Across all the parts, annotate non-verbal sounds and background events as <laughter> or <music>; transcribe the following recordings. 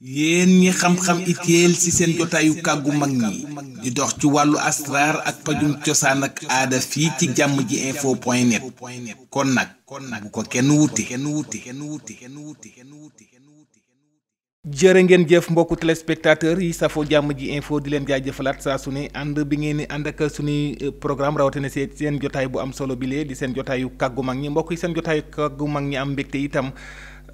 yéen ñi xam-xam itéel ci seen jotaayu kàggu mag ñi di dox ci wàllu asraar ak pajum cosaan ak aada fii ci jàmm ji info point net kon nag bu ko kenn wuti jërë ngeen jëf mbokku téléspectateur yi safo jàmm ji info di leen jaajëfalaat saa su ne ànd bi ngeen di ànd ak suñuy euh, programme rawatina see seen jotaay bu am solo bi di seen jotaayu kàggu mag ñi mbokk yi seen jotaayu kàggu mag ñi am mbégte itam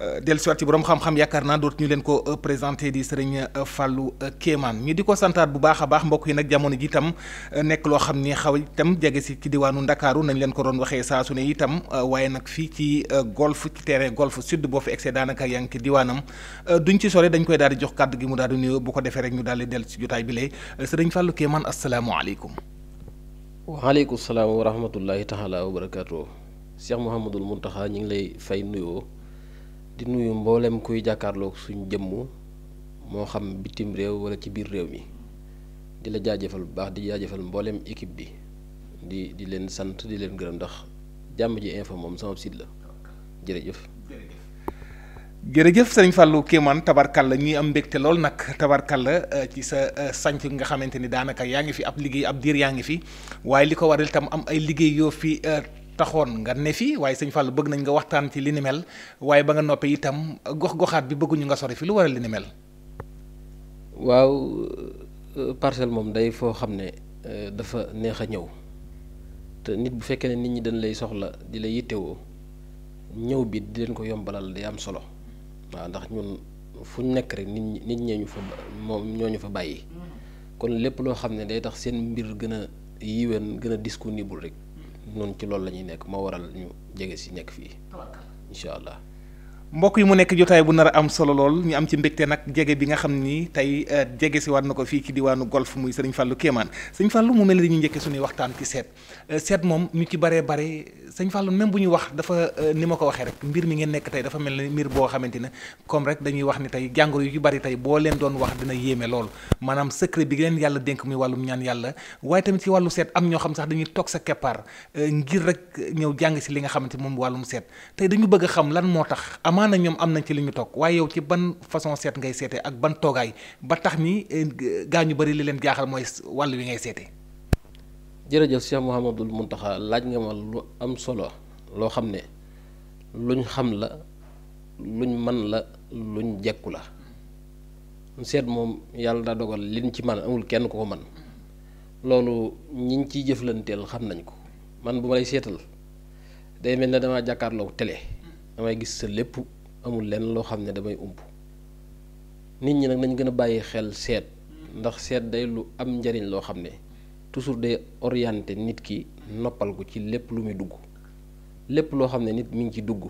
Euh, dellu siwaat ci borom xam-xam yaakaar naa dootu ñu leen ko euh, présenté di sëriñ euh, Fallou kemaan ñu di ko santaat bu baax a baax mbokk yi nag jamono ji itam nekk loo xam ni xaw itam jege si ci diwaanu Ndakaaru nañ leen ko doon waxee saa su ne itam waaye nag fii ci golf ci terrain golf sud boo fi egsee daanaka yaa ngi ci diwaanam duñ ci sore dañ koy daal di jox kàddu gi mu daal di nuyoo bu ko defee rek ñu daal di dellu si jotaay bi lee sëriñ Fallou Kéemaan asalaamaaleykum. waaleykum salaam wa rahmatullahi taala wa barakaatu. Cheikh Mouhamadul Mountakha ñu ngi lay fay nuyoo. di nuyu mboolem kuy jàkkaarloog suñu jëmm moo xam bitim réew wala ci biir réew mi di la jaajëfal bu baax di jaajëfal mboolem équipe bi di di leen sant di leen gërëm ndax jàmm ji info moom sama site la jërëjëf. jërëjëf sëriñ Fallou tabarkal la ñuy am mbégte lool nag tabarkal la euh, ci sa euh, sanc nga xamante ni daanaka yaa ngi fi ab liggéey ab diir yaa ngi fi waaye li ko waral itam am ay liggéey yoo fi. Euh, taxoon nga ne fi waaye sëñ Fall bëgg nañ nga waxtaan ci li waaye ba nga noppee itam gox goxaat bi bëgguñu nga sori fi lu waral li ni mel. waaw euh, parcelle moom day foo xam ne euh, dafa neex a ñëw te nit bu fekkee ne nit ñi dañ lay soxla di la yittewoo ñëw bi di leen ko yombalal day am solo waaw ndax ñun fu nekk rek nit ñi nit ñee ñu fa moom ñoo ñu fa bàyyi mm-hmm. kon lépp loo xam ne day tax seen mbir gën a yiween gën a disponible rek. noonu ci loolu la ñuy nekk moo waral ñu jege si nekk fii incha allah. mbokk yi mu nekk jotaay bu nar a am solo lool ñu am ci mbégte nag jege bi nga xam ni tey euh, jege si waat na ko fii ci diwaanu golf muy sëriñ Fallou Kéemaan sëriñ Fallou mu mel ni dañuy njëkkee suñuy waxtaan ci seet euh, seet moom ñu ci baree bare sëñ Fallou même bu ñu wax dafa euh, ni ma ko waxee rek mbir mi ngeen nekk tey dafa mel ni mbir boo xamante ne comme rek dañuy wax ni tey jàngoro yu bari tey boo leen doon wax dina yéeme lool maanaam secret bi leen yàlla dénk muy wàllum ñaan yàlla waaye tamit ci wàllu seet am ñoo xam sax dañuy toog sa keppaar euh, ngir rek ñëw jàng si li nga xamante moom wàllum seet tey dañu bëgg a xam lan moo tax amaana ñoom am nañ ci li ñu toog waaye yow ci ban façon seet ngay seetee ak ban toogaay ba tax ni euh, gaa ñu bari li leen jaaxal mooy wàll bi ngay seetee jërëjëf Cheikh Mouhamadul Mountakha laaj nga ma lu am solo loo xam ne luñ xam la luñ man la luñ jekku la seet moom yàlla daa dogal liñ ci man amul kenn ku ko man loolu ngi ciy jëflanteel xam nañ ko man bu ma lay seetal day mel ne damaa jàkkaarloo tele damay gis sa lépp amul leen loo xam ne damay umb nit ñi nag nañ gën a bàyyi xel seet ndax seet day lu am njariñ loo xam ne toujours day orienté nit ki noppal ko ci lépp lu muy dugg lépp loo xam ne nit mi ngi ci dugg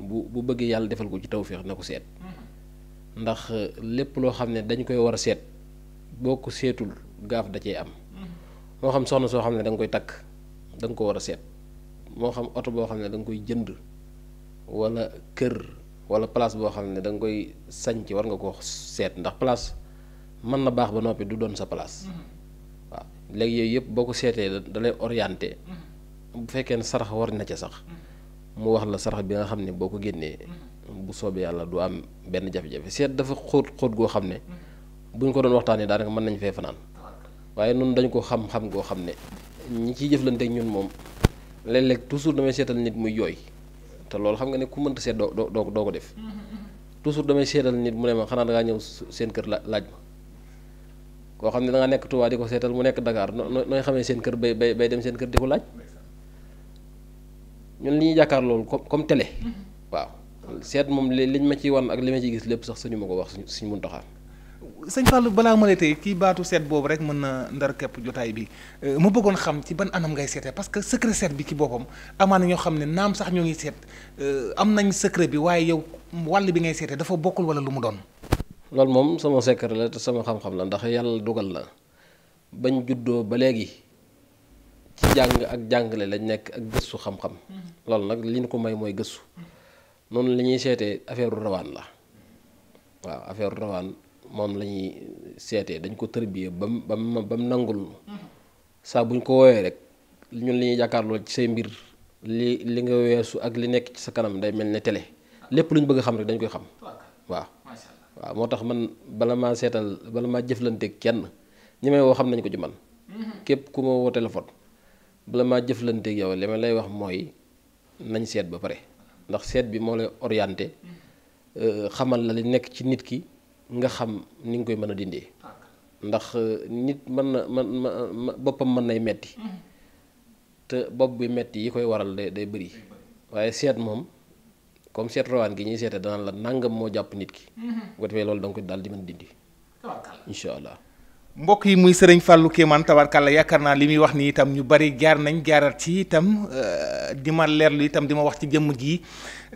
bu bu bëggee yàlla defal ko ci tawféex na ko seet ndax euh, lépp loo xam ne dañ koy war a seet boo ko seetul gaaf da cee am moo xam soxna soo xam ne da koy takk da ko war a seet moo xam oto boo xam ne da koy jënd wala kër wala place boo xam ne danga koy sañc war nga ko seet ndax place mën na baax ba noppi du doon sa place léegi yooyu yëpp boo ko seetee da lay orienté mm-hmm. bu fekkee ne sarax war na ca sax mm-hmm. mu wax la sarax bi nga xam ne boo ko génnee mm-hmm. bu soobee yàlla du am benn jafe-jafe seet dafa xóot xóot goo xam ne buñ ko doon waxtaanee daanaka mën nañ fee fanaan waaye noonu dañ ko xam-xam goo xam ne ñi ciy jëflante ak ñun moom léeg-léeg toujours damay seetal nit muy yooy te loolu xam nga ne ku mënta seet doo doo doo ko def toujours damay seetal nit mu ne ma xanaa dangaa ñëw seen kër la laaj koo xam ne da nga nekk Touba di ko seetal mu nekk Dakar noo nooy xamee seen kër bay bay bay dem seen kër di ko laaj ñun li ñuy jàkkaar loolu comme comme mm-hmm. waaw seet moom liñ ma ciy wan ak li ma ci gis lépp sax suñu ma ko wax suñu mun taxaar sëñ Fallou balaa ma lay tey kii baatu seet boobu rek mën na ndar képp jotaay bi euh, mu bëggoon xam ci ban anam ngay seetee parce que secret seet bi ci boppam amaan amaana ñoo xam ne naam sax ñoo ngi seet euh, am nañ secret bi waaye yow wàll bi ngay seetee dafa bokkul wala lu mu doon loolu moom sama secret la te sama xam-xam la ndax yàlla dugal la bañ juddoo ba léegi ci jàng ak jàngale lañ nekk ak gëstu xam-xam mm-hmm. loolu nag li ñu ko may mooy gëstu noonu lañuy ñuy seetee affaire rawaan la waaw affaire rawaan moom lañuy seetee dañ ko tërbiyee ba mu ba mu nangul mm-hmm. saa buñ ko woowee rek ñun li ñuy jàkkaarloo ci say mbir li li nga weesu ak li nekk ci sa kanam day mel ni télé ah. lépp lu ñu bëgg xam rek dañ koy xam waaw waaw moo tax man bala ma seetal bala maa jëflanteeg kenn ñi may woo xam nañ ko ci man. Mm-hmm. képp ku ma woo téléphone bala maa jëflanteeg yow li ma lay wax mooy nañ seet ba pare ndax seet bi moo lay orienté mm-hmm. euh, xamal la li nekk ci nit ki nga xam ni nga koy mën a dindee. ndax euh, nit mën na ma boppam mën nay metti mm-hmm. te bopp bi metti yi koy waral day day bëri waaye seet moom. comme seet rawaan gi ñuy seete danaan la nangam moo jàpp nit ki. bu mhm. ko defee loolu da nga ko di mën dindi. incha allah. mbokk yi muy sëriñ Fallou Kéemaan tabarkàlla yaakaar naa li muy wax ni itam ñu bari jaar nañ jaarat ci itam euh, dima ma leerlu itam di ma wax ci jëmm gi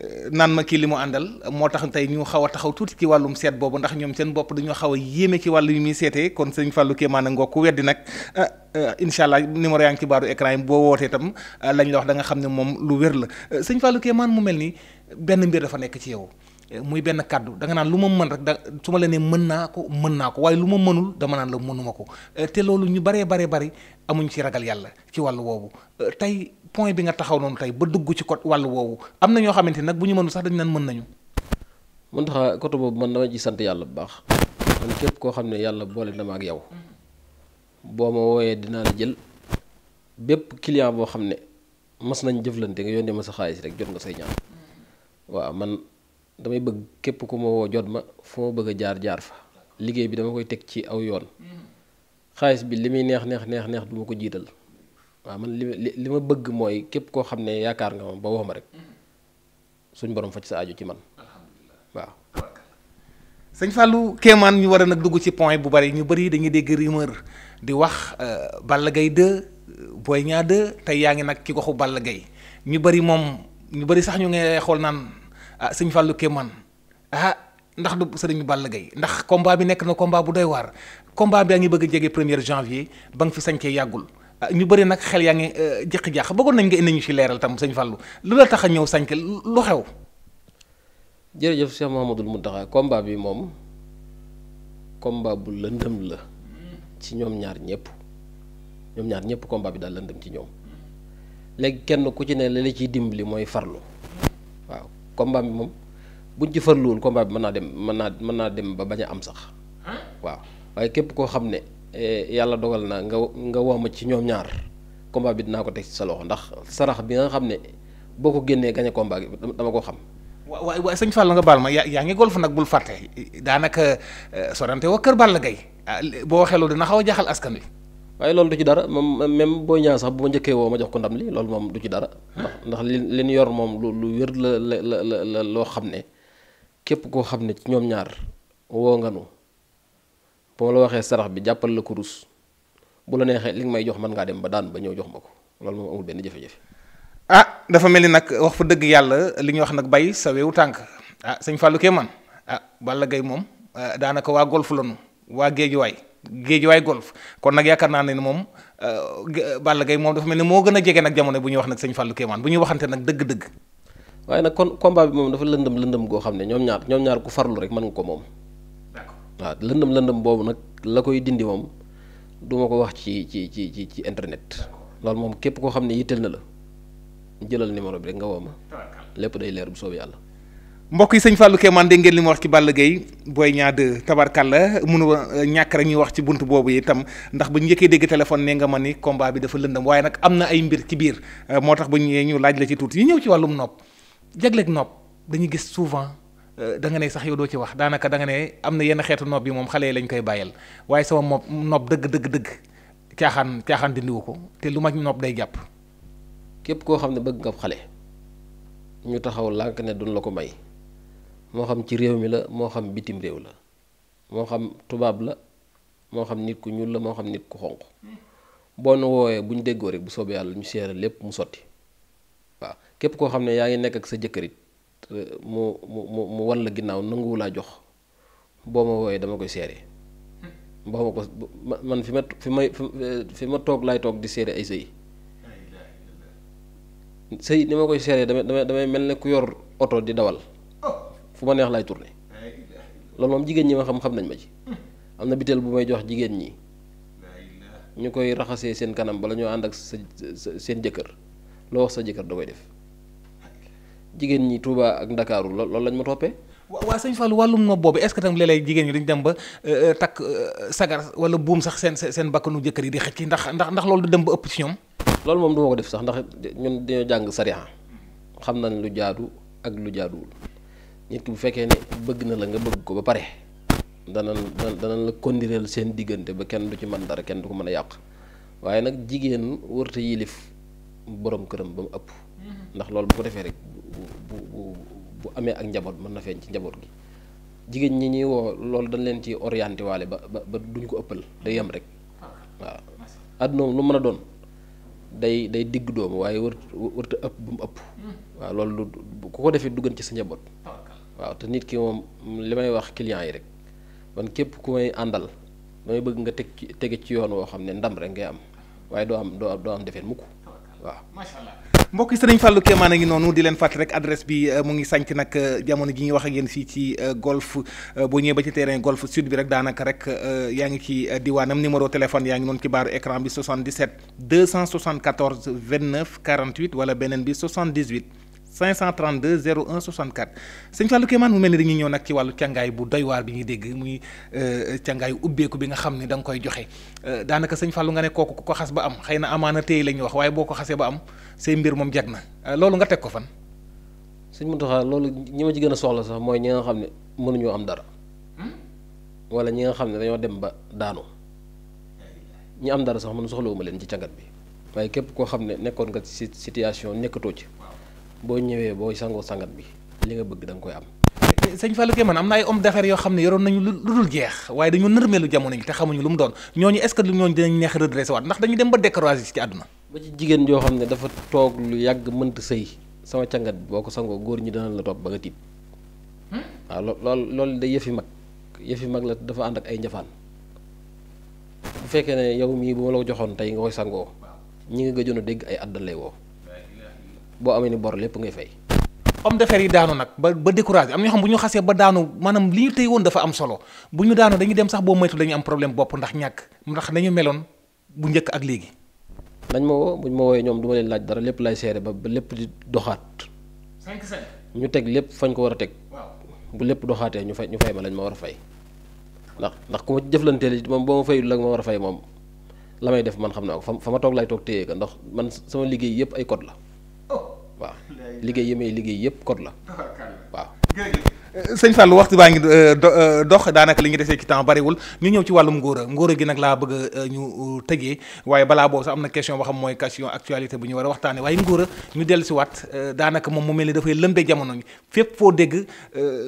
euh, naan ma kii li mu àndal moo tax tey ñu xaw a taxaw tuuti ci wàllum seet boobu ndax ñoom seen bopp dañoo xaw a yéeme ci wàllu yi muy seetee kon sëriñ Fallou Kéemaan a ngoo ku weddi nag ah, euh, incha allah numéro yaa ngi baaru écran yi boo wootee itam lañu la wax danga xam ne moom lu wér la sëriñ Fallou Kéemaan mu mel ni benn mbir dafa nekk ci yow. Eh, muy benn kàddu da nga naan lu ma mën rek da su ma la nee mën naa ko mën naa ko waaye lu ma mënul dama naan la mënuma ko eh, te loolu ñu baree baree bari amuñ ci ragal yàlla ci wàllu woowu eh, tey point bi nga taxaw noonu tey ba dugg ci ko wàll woowu am na ñoo xamante nag bu ñu mënul sax dañu naan mën nañu. mën tax côté boobu man dama ci sant yàlla bu baax man képp koo xam ne yàlla boole na ma ak yow boo ma wooyee dinaa la jël bépp client boo xam ne mas nañ jëflante nga yónnee sa xaalis rek jot nga say ñaan mm. damay bëgg képp ku ma woo jot ma foo bëgg a jaar jaar fa liggéey bi dama koy teg ci aw yoon xaalis bi li muy neex neex neex neex du ma ko jiital waaw man li li ma bëgg mooy képp koo xam ne yaakaar nga ma ba wax ma rek suñ borom faj sa aju ci man waaw. sëñ Fallou Kéemaan ñu war a nag dugg ci point bu bari ñu bari dañuy dégg rumeur di wax euh, Balla Gaye 2 euh, Boy Niang 2 tey yaa ngi nag ci goxu Balla Gaye ñu bari moom ñu bari sax ñu ngi xool naan. ah sëñ Fallou ah, ndax du sëriñ Balla Gaye ndax combat bi nekk na combat bu doy waar combat bi yaa ngi bëgg a jege premier janvier ba nga fi sañcee yàggul ah, ñu bari nag xel yaa ngi jëq eh, jaax bëggoon nañ nga indi ñu ci leeral tam sëñ Fallou lu la tax a ñëw sañc lu xew. jërëjëf Cheikh Mouhamadoul Mountakha combat bi moom combat bu lëndëm la ci ñoom ñaar ñëpp ñoom ñaar ñëpp combat bi daal lëndëm ci ñoom léegi kenn ku ci ne la ci ciy dimbali mooy farlu waaw. combat bi moom buñ ci farluwul combat bi mën naa dem mën naa mën naa dem ba bañ a am sax waaw waaye képp koo xam ne eh, yàlla dogal na nga nga wooma ci ñoom ñaar combat bi dinaa ko teg ci sa loxo ndax sarax bi nga xam ne boo ko génnee gañ a combat bi dama ko xam waaw waaye sëñ Fall nga baal ma yaa ngi golf nag bul fàtte daanaka eh, sorante wa kër Balla Gaye ah, boo waxee loolu dina xaw a jaxal askan wi waaye loolu du ci dara moom même booy ñaan sax bu ma njëkkee woo ma jox ko ndam li loolu moom du ci dara. ndax ah. ndax li li yor moom lu lu wér la loo xam ne képp koo xam ne ci ñoom ñaar woo nga nu bu ma la waxee sarax bi jàppal la ko rus bu la neexee li nga may jox mën ngaa dem ba daan ba ñëw jox ma ko loolu moom amul benn jafe-jafe. ah dafa mel ni nag wax fa dëgg yàlla li ñuy wax nag bay sa wewu tànk ah sëñ Fallou man ah Balla Gaye moom ah, daanaka waa golf lanu waa géejuwaay géejuwaay golf kon nag yaakaar naa ne moom euh, Balla Gaye moom dafa mel ni moo gën a jege nag jamono bu ñuy wax nag sëñ Fallou Kéemaan bu ñuy waxante nag dëgg-dëgg. waaye nag kon combat bi moom dafa lëndëm lëndëm goo xam ne ñoom ñaar ñoom ñaar ku farlu rek mën nga ko moom. d'accord waaw lëndëm lëndëm boobu nag la koy dindi moom du ko wax ci ci ci ci ci internet. loolu moom képp koo xam ne yitteel na la jëlal numéro bi rek nga woo lépp day leer bu soobee yàlla. mbokk yi sëñ Fallou Kéman dégg ngeen li mu wax ci Balla Gaye Boy Niang 2 tabarkalla mënuma euh, ñàkk rek ñuy wax ci buntu boobu itam ndax ba ñu njëkkee dégg téléphone ne nga ma ni combat bi dafa lëndam waaye nag am na ay mbir ci biir euh, moo tax ba ñu ñu laaj la ci tuuti ñu ñëw ci wàllum nopp jagleeg nopp dañu gis souvent euh, da nga ne sax yow doo ci wax daanaka danga ne am na yenn xeetu nopp yi moom xale yi lañ koy bàyyal waaye sama mopp nopp dëgg dëgg caaxaan caaxaan dindiwu ko te lu ma nopp day jàpp. képp koo xam ne bëgg nga xale ñu taxaw lànk ne duñ la ko may moo xam ci réew mi la moo xam bitim réew la moo xam tubaab la moo xam nit ku ñuul la moo xam nit ku xonq boo nu woowee bu ñu déggoo rek bu soobee yàlla ñu seere lépp mu sotti waaw képp koo xam ne yaa ngi nekk ak sa jëkkërit euh, mu mu mu mu wan la ginnaaw nanguwu laa jox boo ma wooyee dama koy seere boo ma ko man fi ma fi may euh, fi ma toog laay toog di seere ay sëy sëy ni ma koy seere damay damay damay mel ne ku yor oto di dawal fu ma neex laay tourné loolu moom jigéen ñi ma xam xam nañ ma ci am na biteel bu may jox jigéen ñi ñu koy raxasee seen kanam bala ñoo ànd ak sa seen jëkkër loo wax sa jëkkër da koy def jigéen ñi Touba ak Ndakaaru lool lañ ma toppee. waaw sëñ Fallou wàllum nopp boobu est-ce que tam léeg-léeg jigéen ñi dañu dem ba euh, euh, takk euh, sagar wala buum sax seen seen bakkanu jëkkër yi di xëcc ndax ndax ndax loolu du dem ba ëpp ci ñoom. loolu moom du ko def sax ndax ñun dañoo jàng sariya xam nañ lu jaadu ak lu jaaduwul. nit ki bu fekkee ne bëgg na la nga bëgg ko ba pare danañ danañ la kondireel seen diggante ba kenn du ci mën dara kenn du ko mën a yàq waaye nag jigéen wërta yilif boroom këram ba mu ëpp mm-hmm. ndax loolu bu ko defee rek bu bu amee ak njaboot mën na feeñ ci njaboot jigéen ñi ñuy woo loolu dañ leen ci orienté waale ba ba duñ ko ëppal day yem rek waaw àdduna lu mën a doon day day digg doomu waaye wër ëpp ba mu ëpp mm-hmm. waaw loolu ku ko defee duggan ci sa njaboot waaw te nit ki moom li may wax client yi rek man képp ku may àndal damay bëgg nga teg ci tege ci yoon woo xam ne ndam rek ngay am waaye doo am doo doo am defet mukk waaw macha allah mbokk yi sëriñ Kéemaan a ngi noonu di leen fàtte rek adresse bi euh, mu ngi sànc nag euh, jamono ji ñuy wax ak yéen fii ci euh, golf boo ñëwee ba ci terrain golf sud bi rek daanaka rek yaa ngi ci diwaanam numéro téléphone yaa ngi noonu ci baaru écran bi 77 274 29 48 wala beneen bi 78. 532 01 64 sëñ Fallou Kéemaan mu mel ni dañuy ñëw nag ci wàllu càngaay bu doy waar bi ñuy dégg muy euh, càngaayu ubbeeku bi nga xam ne danga koy joxe euh, daanaka sëñ Fallou nga ne kooku ko xas ba am xëy na amaana téy la ñuy wax waaye boo ko xasee ba am say mbir moom jag na euh, loolu nga teg ko fan. sëñ Mountakha loolu ñi ma ci gën a soxla sax mooy ñi nga xam ne mënuñoo am dara hmm? wala ñi nga xam ne dañoo dem ba daanu ñi am dara sax man soxlawuma leen ci càngat bi waaye képp koo xam ne nekkoon nga situation nekkatoo ci. boo ñëwee boo sangoo sangat bi li nga bëgg danga koy am. sëñ Fallou Gueye man am na ay hommes d'affaires yoo xam ne yoroon nañu lu dul jeex waaye dañu nërmeelu jamono yi te xamuñu lu mu doon ñooñu est-ce que ñooñu dinañ neex redressé waat ndax dañu dem ba découragé ci àdduna. ba ci jigéen joo xam ne dafa toog lu yàgg mënt sëy sama sangat bi boo ko sangoo góor ñi dana la topp ba nga tiit. Hmm? waaw lool loolu day yëfi mag yëfi mag la dafa ànd ak ay njafaan bu fekkee ne yow mii bu la joxoon tey nga koy sangoo ñi nga a dégg ay àddal lay boo amee ni bor lépp ngay fay. homme d'affaires yi daanu nag ba ba découragé am ñoo xam bu ñu xasee ba daanu maanaam li ñu tey woon dafa am solo bu ñu daanu dañuy dem sax boo moytu dañuy am problème bopp ndax ñàkk ndax nañu meloon bu njëkk ak léegi. dañ ma woo ma woowee ñoom du leen laaj dara lépp lay seere ba ba lépp di doxaat. ñu teg lépp fañ ko war a teg. bu lépp doxaatee ñu fay ñu fay ma lañ ma war a fay. ndax ndax ku ma jëflanteel moom boo ma fayul la ma war a fay moom la may def man xam naa ko fa ma toog lay toog téye ko ndax man sama liggéey yëpp ay code la liggéey yi may liggéey yëpp code la waaw. sëñ Fall waxtu baa ngi euh, euh, dox daanaka li ñu desee ci temps bariwul ñu ñëw ci wàllum ngóora ngóora gi nag laa bëgg euh, ñu tëjee waaye balaa boobu sa am na question boo xam mooy question actualité bu ñu war a waxtaanee waaye ngóora ñu dellu si waat daanaka moom mu mel ni dafay lëmbee jamono gi fépp foo dégg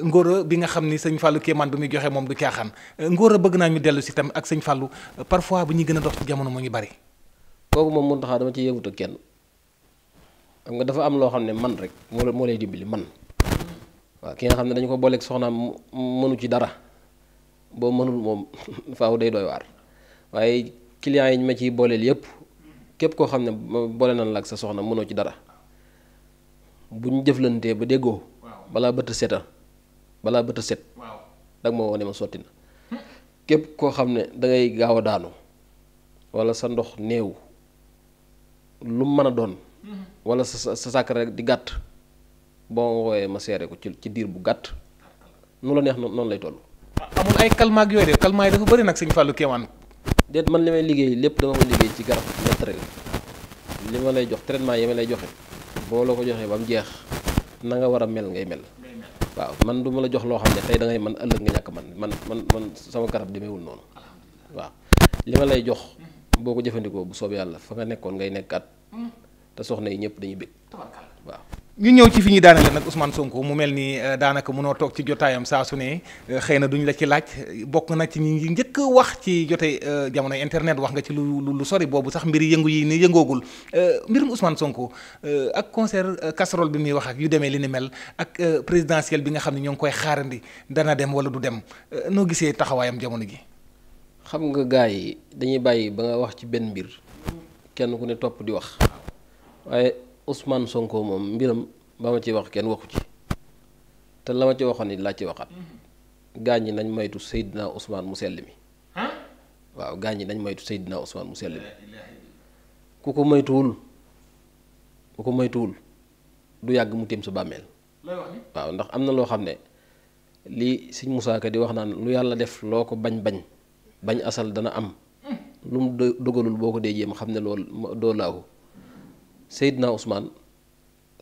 ngóora bi nga xam ni sëñ Fallu kéemaan bi muy joxe moom du caaxaan ngóora bëgg naa ñu dellu si tam ak sëñ Fallu parfois bu ñuy gën a dox jamono moo ngi bari. xam nga dafa am loo xam ne man rek moo moo lay dimbali man waaw ki nga xam ne dañu ko booleeg soxnaam mënu ci dara boo mënul moom <laughs> faaw day doy waar waaye clients yi ñu ma ciy booleel yépp képp koo xam ne boole nan la ak sa soxna mënoo ci dara bu ñu jëflantee ba déggoo balaa bëtt seta balaa bëtt set dag ma wone ma sotti na képp koo xam ne dangay gaaw a daanu walla sa ndox néew lu mën a doon wala sa sa sàkk rek di gàtt boo ma wooyee ma seere ko ci ci diir bu gàtt nu la neex noonu lay toll. amul ay calmants ak yooyu de calmants yi dafa bëri nag sëñ Fallou Kéwaan. déet man li may liggéey lépp dama ko liggéey ci garab naturel li ma lay jox traitement yi ma lay joxe boo la ko joxee ba jeex na nga war a mel ngay mel. waaw man du ma la jox loo xam ne tey da ngay man ëllëg nga ñàkk man man man man sama garab demeewul noonu waaw li ma lay jox boo ko jëfandikoo bu soob yàlla fa nekkoon ngay nekkaat. Hmm. te soxna yi ñëpp dañu bëgg waaw. ñu ñëw ci fi ñuy daanale nag Ousmane Sonko mu mel ni euh, daanaka mënoo toog ci jotaayam saa su ne euh, xëy na duñ la ci laaj bokk na ci ñi njëkk wax ci jotee euh, jamono internet wax nga ci lu lu sori boobu sax mbir yëngu yi ni yëngoogul mbirum Ousmane Sonko ak concert casserole bi muy wax ak yu demee li ni mel ak présidentielle bi nga xam ne ñoo ngi koy xaarandi dana dem wala du dem noo gisee taxawaayam jamono ji. xam nga gaa yi dañuy bàyyi ba nga wax ci benn mbir kenn ku ne topp di wax. waaye usmaan Sonko moom mbiram ba ma ci wax kenn waxu ci te la ma ci waxoon it laa ci waxaat mhm. gaañ ñi nañ maytu Seydina usmaan mu sell mi waaw gaañ ñi nañ moytu Seydina Ousmane mu sell mi ku ko moytuwul ku ko moytuwul du yàgg mu tiim sa bàmmeel waaw ndax am na loo xam ne lii sëñ Moussa di wax naan lu yàlla def loo ko bañ bañ bañ asal dana am hmm. lu mu dogalul boo ko dee jéem xam ne loolu doo laahu Seydina Ousmane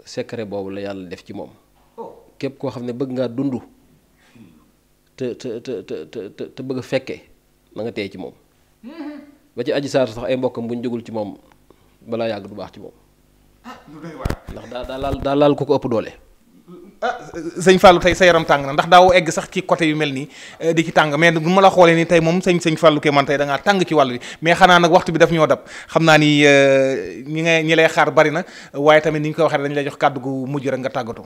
secret boobu la yàlla def ci moom képp koo xam ne bëgg ngaa dund te te te te te bëgg fekke na nga ci moom ba ci aji saar sax ay mbokkam bu ñu jógul ci moom balaa yàgg du baax ci moom ah, ndax daa daa laal daa laal ko ko ëpp doole ah sëñ Fallou tey sa yaram tàng na ndax daaw egg sax ci côté yu mel nii eh, di ci tàng mais bu ma la xoolee ni tey moom sañ sëñ Fallou Kémane tey da ngaa tàng ci wàll bi mais xanaa nag waxtu bi daf ñoo dab xam naa ni eh, ñi ngay ñi lay xaar bari na waaye tamit ni ñu koy waxee dañu lay jox kàddu mujj rek nga tàggatoo.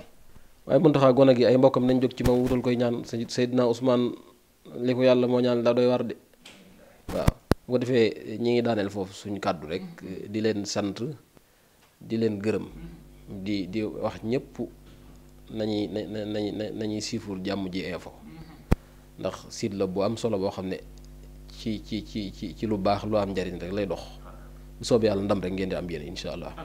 waaye Mountakha gone gi ay mbokkam nañ jóg ci ma wutal koy ñaan sëñ Seydina Ousmane li ko yàlla moo ñaan daa doy war de waaw bu ko defee ñi ngi daaneel foofu suñu kàddu rek di leen sant di leen gërëm di di wax ñëpp nañuy na nañu nañuy siiful jàmm ji info ndax site la bu am solo boo xam ne ci ci ci ci ci lu baax loo am njariñ rek lay dox bu soobee yàlla ndam rek ngeen di am yéen incha allah.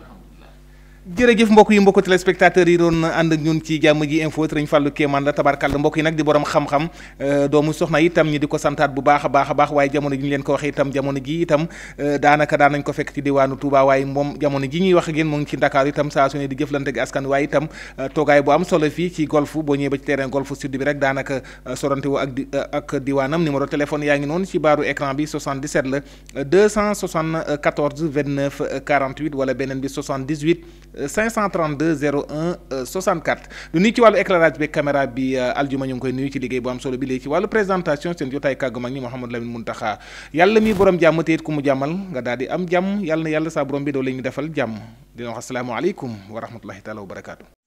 jërëjëf mbokk yi mbokk téléspectateurs yi doon ànd ak ñun ci jàmm ji info sëriñ Fallou Kéemaan la tabarkàlla mbokk yi nag di borom xam-xam euh, doomu soxna itam ñu di ko santaat bu baax a baax a baax waaye jamono ji ñu waxee itam jamono ji itam euh, daanaka daan nañ ko fekk ci diwaanu Touba waaye moom jamono ji ñuy wax ak yéen mu ngi ci Ndakaaru itam saa su ne di jëflante ak askan waaye itam euh, toogaay bu am solo fii ci golf boo ñëwee ba ci terrain golf sud bi rek daanaka sorante ak diwaanam numéro téléphone yaa ngi noonu ci baaru écran bi 77 la 274 29 48 wala beneen bi 78 532 01 64 lu nuyu ci wàllu éclairage bi caméra bi euh, aljuma ñu ngi koy nuyu ci liggéey bu am solo bi léegi ci wàllu présentation seen jotaay kàggu mag ñi Mouhamadou Lamine Muntaxa yàlla mi borom jàmm te it ku mu jàmmal nga daal di am jàmm yàlla na yàlla sa borom bi doo la ñu defal jàmm dina wax asalaamaaleykum wa rahmatullahi taala wa barakaatu.